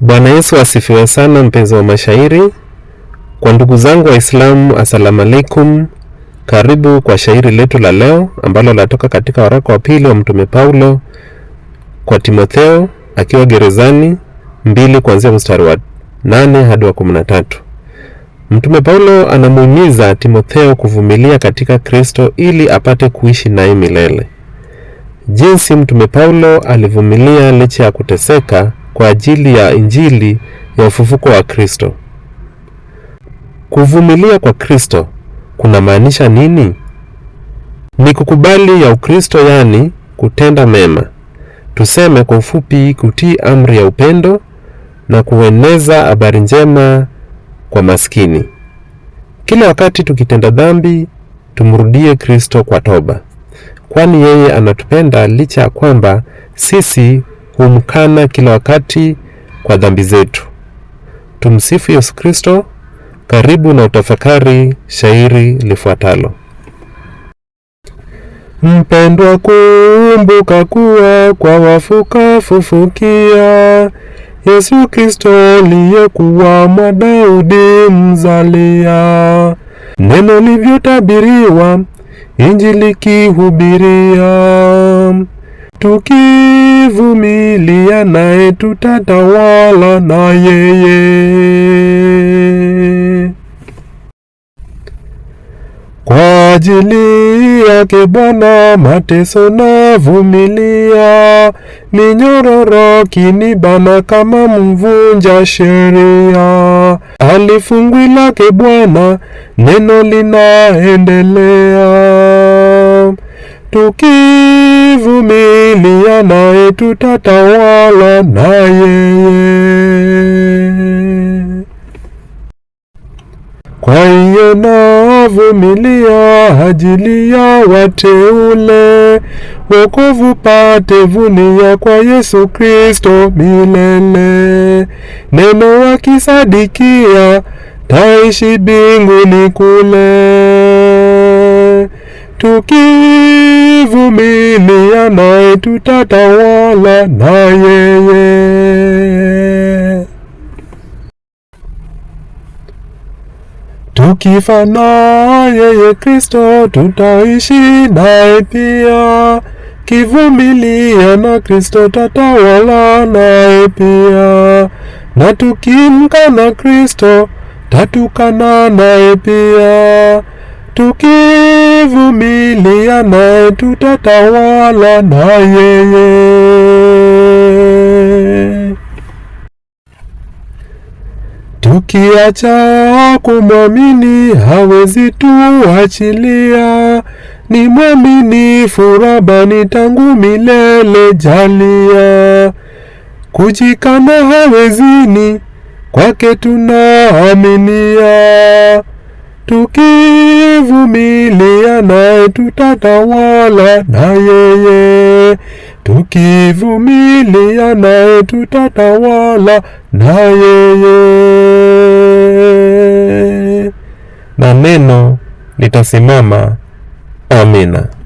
Bwana Yesu asifiwe sana, mpenzi wa mashairi. Kwa ndugu zangu Waislamu, assalamu alaikum. Karibu kwa shairi letu la leo ambalo latoka katika waraka wa pili wa Mtume Paulo kwa Timotheo akiwa gerezani, mbili kuanzia mstari wa nane hadi wa kumi na tatu. Mtume Paulo anamuhimiza Timotheo kuvumilia katika Kristo ili apate kuishi naye milele. Jinsi Mtume Paulo alivumilia licha ya kuteseka kwa ajili ya injili ya ufufuko wa Kristo. Kuvumilia kwa Kristo kunamaanisha nini? Ni kukubali ya Ukristo, yaani kutenda mema, tuseme kwa ufupi, kutii amri ya upendo na kueneza habari njema kwa maskini. Kila wakati tukitenda dhambi, tumrudie Kristo kwa toba, kwani yeye anatupenda licha ya kwamba sisi humkana kila wakati kwa dhambi zetu. Tumsifu Yesu Kristo. Karibu na utafakari shairi lifuatalo. Mpendwa, kumbuka kuwa kwa wafu kafufukia, Yesu Kristo aliyekuwa mwa Daudi mzalia, neno livyotabiriwa, Injili kihubiria tukivumilia naye tutatawala na yeye. Kwa ajili yake Bwana mateso na vumilia, minyororo kinibana kama mvunja sheria. Alifungwi lake Bwana, neno linaendelea tukivumilia naye tutatawala na yeye. Kwa hiyo navumilia ajili ya wateule, wokovu pate vunia kwa Yesu Kristo milele. Neno wakisadikia taishi binguni kule tukivumilia naye tutatawala na yeye. Tukifa na yeye Kristo, tutaishi naye pia. Kivumilia na Kristo, tatawala naye pia. Na tukimkana Kristo, tatukana naye pia tukivumilia naye tutatawala na yeye. Tukiacha kumwamini hawezi tuachilia, ni mwaminifu Rabani tangu milele jalia. Kujikana hawezini, kwake tunaaminia. Tukivumilia naye tutatawala na yeye, tukivumilia naye tutatawala na yeye, na neno litasimama. Amina.